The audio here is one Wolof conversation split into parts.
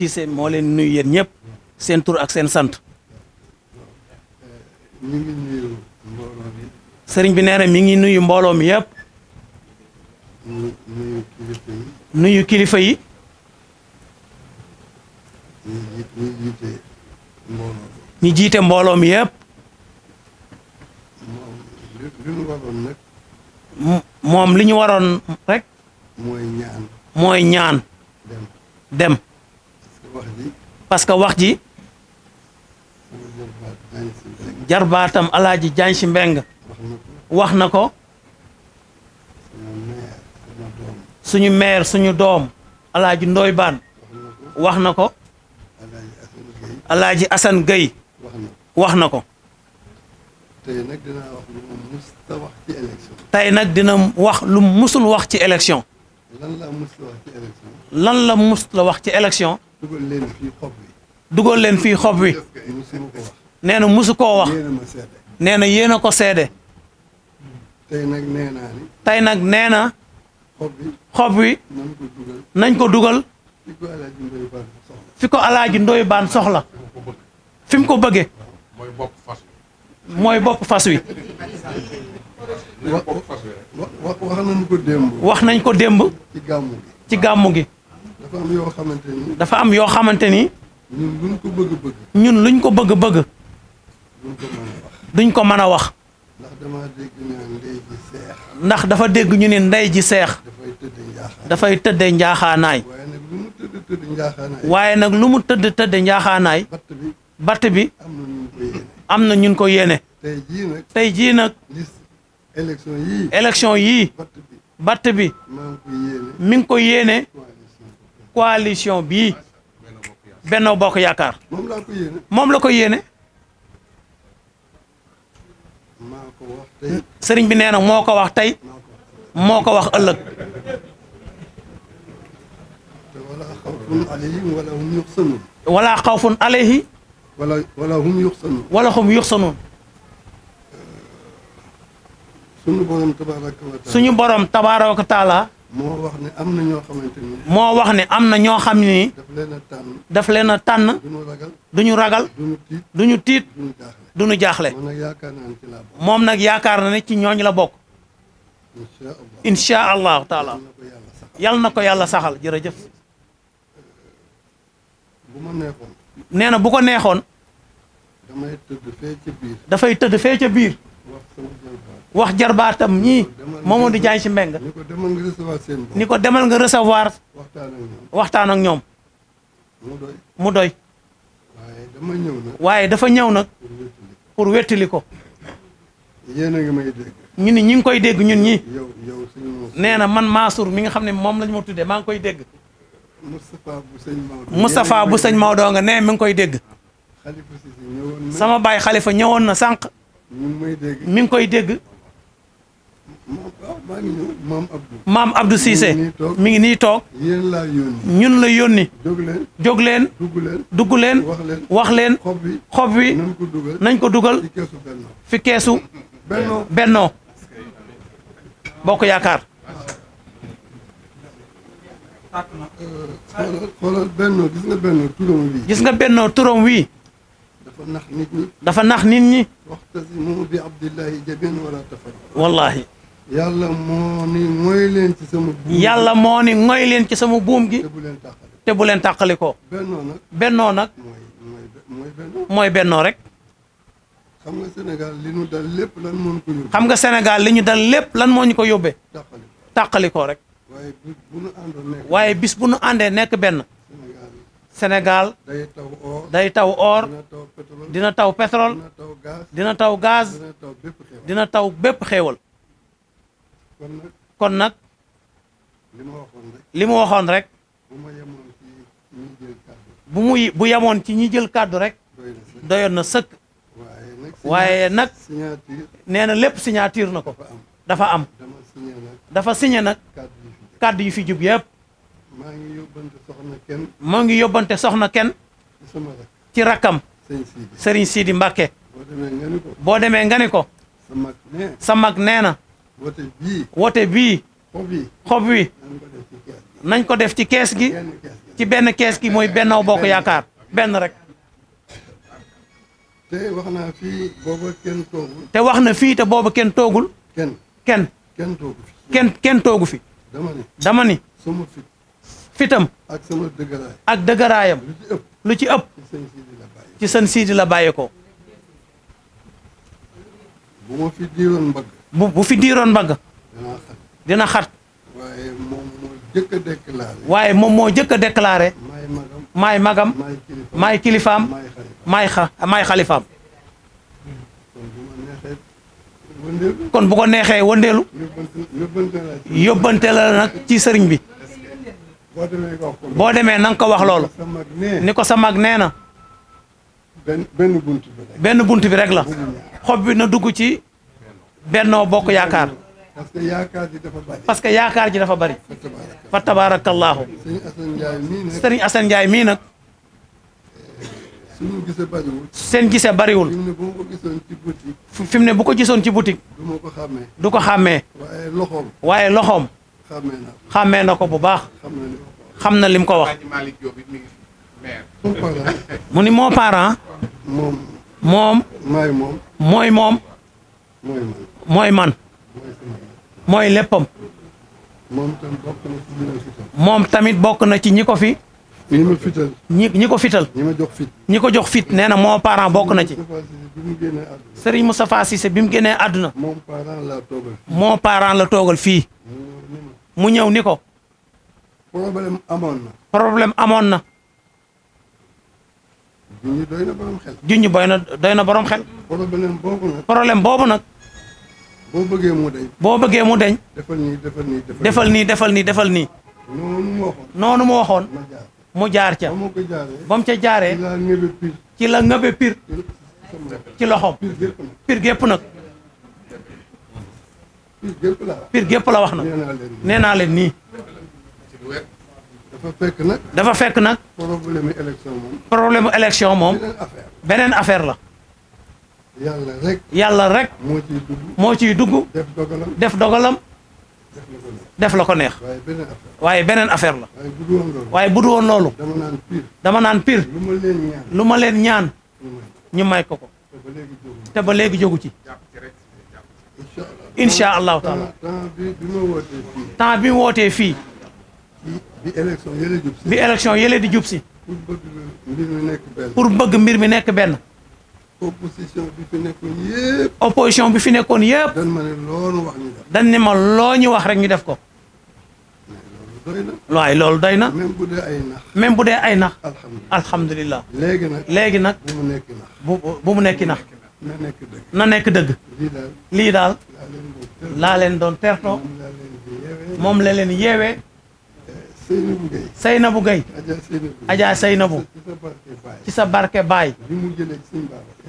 Cissé moo leen nuyu yéen ñëpp seen ak seen sant. mi bi nee mi ngi nuyu mbooloo mi kilifa yi. ñi jiite mbooloo yëpp. moom li ñu waroon rek. mooy ñaan. mooy ñaan. dem. parce que wax ji jarbaatam alaaji jaañ si mbeng wax na ko suñu meer suñu doom alaaji ndooy baan wax na ko alaaji asan gay wax na ko tey nag dina wax lu mu musul wax ci élection. lan la mus la wax ci élection. la wax ci élection. dugal leen fii xob wi. dugal leen fii xob wi. nee na musu koo wax. nee na yéen a ko seede. tey nag nee tey nag nee na. xob wi nañ ko dugal nañ ko dugal. fi ko alaaji ndoy baan soxla. fi mu ko bëggee. mooy mooy bopp fas wi. wax nañ ko démb. wax nañ ko démb. ci gàmmu gi ci gàmmu gi. dafa am yoo xamante ni. dafa am yoo xamante ni. ñun luñ ko bëgg bëgg. ñun luñ ko bëgg mën a wax. ndax dama dégg ñu ne ndey ji seex. dafa dégg ñu ne ndey ji seex. dafay tëdd njaaxaanaay. dafay waaye nag lu mu tëdd tëdd njaaxaanaay. batt bi. am na ñun ko yéene. tey jii nag. élection yii. élection batt bi. mi ko yéene. coalition bii. Benno Bokk Yaakaar. moom la ko yéene. sëriñ bi nee na moo ko wax tey. moo ko wax ëllëg. wala xawfun alayhi. wala wala hum yuxsanuun. wala hum yuxsanuun. suñu borom tabaaraka wa taala suñu borom tabaaraka wa moo wax ne am na ñoo xamante ni. moo wax ne am na ñoo xam ni. daf leen a tànn. daf leen a tànn. duñu ragal duñu ragal. duñu tiit duñu tiit. jaaxle. moom nag yaakaar moom nag yaakaar na ne ci ñooñ la bokk. incha allahu taala. yal na ko yàlla saxal jërëjëf. bu ma neexoon. na bu ko neexoon. dafay tëdd fee ca wax jarbaatam ñii Mamadou Diagne Sy Mbengue ni ko demal nga recevoir waxtaan ak ñoom mu doy waaye dafa ñëw nag pour wettali ko ñu ni ñi ngi koy dégg ñun ñi nee na man Mansour mi nga xam ne moom lañ ma tuddee maa ngi koy dégg Moustapha bu sëñ Maodo nga nee mi ngi koy dégg sama baay xalifa ñëwoon na sànq mi ngi koy dégg. maam Abdou. maam mi ngi nii toog. ñun la yónni. jóg leen dugg leen wax leen xob wi nañ ko dugal fi keesu bennoo bokk yaakaar. xoolal bennoo gis nga bennoo gis nga bennoo turam wii. dafa nax nit ñi. dafa nax nit ñi. waxtasimu bi abdillahi jamii'an wala tafarraqu. wallaahi. yàlla moo ni mooy leen ci sama. buum yàlla moo ni mooy leen ci sama buum gi. te bu leen tàqali te bu leen tàqali ko. bennoo nag bennoo nag. mooy bennoo rek. xam nga Sénégal li ñu dal lépp lan moo ñu ko yóbbee. xam nga Sénégal li ñu dal lépp lan moo ñu ko yóbbee. tàqali ko ko rek. waaye bis bu nu waaye bis bu nu àndee nekk benn. Sénégal day taw or day taw or. dina taw pétrole dina taw gaz dina taw bépp xéewal kon nag li mu waxoon rek bu muy bu yemoon ci ñi jël kàddu rek doyoon na sëkk waaye nag nee na lépp signature na ko dafa am dafa signé nag kàddu yu fi jub yëpp maa ngi maa ngi yóbbante soxna kenn ci rakkam sëriñ Sidi Mbacke. boo demee nga ni ko. sa mag nee na. woote bii. xob wi. nañ ko def ci kees gi. ci benn kees gi mooy benn Bokk Yaakaar benn rek. te wax fii te wax na fii te booba kenn toogul. kenn kenn. kenn toogu fi kenn kenn toogu fi. dama ni fitam. ak dëgëraayam. lu ci ëpp ci sën la bàyyi ko bu ma fi diiroon mbagg dina xat waaye moom moo jëkk a déclaré waaye magam maay kilifaam maay xalifaam kon bu ko neexee wëndeelu yóbbante la nag ci sëriñ bi boo demee na nga ko wax lool ni ko sa mag nee na. benn bunt bi rek la. xob bi na dugg ci bennoo bokk yaakaar. parce que yaakaar ji dafa bari. parce dafa bari. fa tabaarakallaahu. sëriñ Assane Ndiaye mii nag. Eh, seen gisee bariwul. fi mu ne bu ko gisoon ci boutique. fi mu du ko xàmmee. du waaye loxoom. xàmmee na ko bu baax. xam na lim ko wax mu ni moo parent moom moom mooy moom mooy man mooy léppam moom tamit bokk na ci ñi ko fi ñi ma fital ñi ko fital ñi ma jox fit ñi ko jox fit nee na moo parent bokk na ci Serigne Moustapha Cissé bi mu génnee àdduna moo parent la toogal fii mu ñëw ni ko problème amoon na. problème amoon na. junj doy na boroom xel. junj problème boobu nag. boo bëggee mu deñ. boo bëggee mu deñ. defal nii defal nii defal nii defal nii defal nii. noonu mu waxoon. noonu mu waxoon. mu jaar ca. ba mu ca jaaree. ci la ngëbe pir. ci loxoom. pir gépp nag. pir gépp la wax nag. nee naa leen nii. dafa fekk nag. dafa fekk nag. problème mu élection moom. problème mu élection beneen affaire la. yàlla rek. yàlla rek. moo ciy dugg moo ciy dugg. def dogalam def dogalam. def la ko neex waaye beneen affaire la waaye bu du woon loolu dama naan pire lu ma leen ñaan ñu may ko ko te ba léegi jógu ci insha allahu taala temps bi mu wootee fii bi élection yële di jub si. pour mbir mi nekk benn. pour bëgg opposition bi fi nekkoon yëpp. opposition bi fi nekkoon ma loo ñu wax ñu def. loo ñu wax rek ñu def ko. doy loolu doy na. même bu ay nax. même bu dee ay nax. alhamdulilah léegi nag léegi nag. bu mu nekk nax nax. na nekk dëgg lii daal lii daal. laa leen doon tertoo moom Seynabou Gueye Seynabou Gueye Adja Seynabou ci sa barke baay bi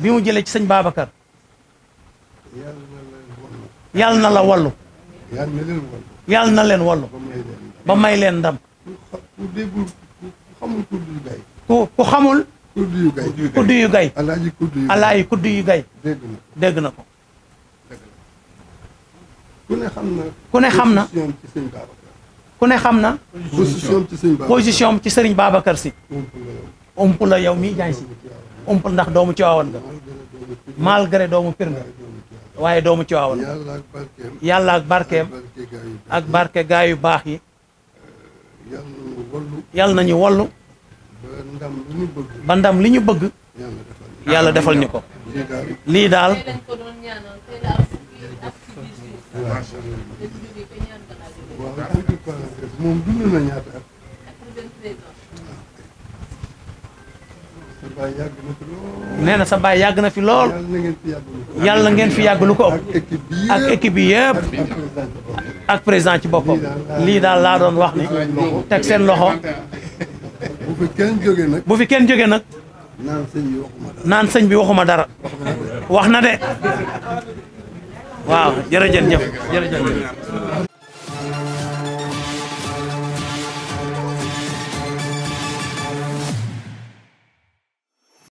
mu jëlee ci sëñ Babacar bi ci sëñ Babacar na la wallu yàlla na leen wallu ba may leen ndam ku déggul ku xamul kudd yu gay ku xamul kudd yu gay kudd yu gay alaaji dégg na ko ku ne na ku ku ne xam na. position ci sëriñ Babacar si. ump la yow mii jaay si. ump ndax doomu Tiwaawan nga. malgré doomu Pire nga. waaye doomu Tiwaawan nga. yàlla ak barkeem. ak barke gaa yu baax yi. yàlla nañu wollu. ba ndam li ñu bëgg. yàlla defal ñu ko. lii daal. waaw dëgg parenthèse na sa baay yàgg na fi lool. yàlla ngeen fi yàgg lu ko ëpp. ak équipe bi yëpp ak président ci boppam. lii daal laa doon wax ni. teg seen loxo. bu fi kenn jógee nag. bu fi kenn jógee nag. naan sëñ bi waxuma dara. sëñ bi waxuma dara. wax na de. waaw jërëjëf jëf